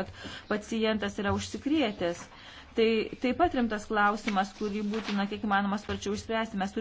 kad pacientas yra užsikrėtęs. Tai taip pat rimtas klausimas, kurį būtina kiek įmanoma sparčiau išspręsti. Mes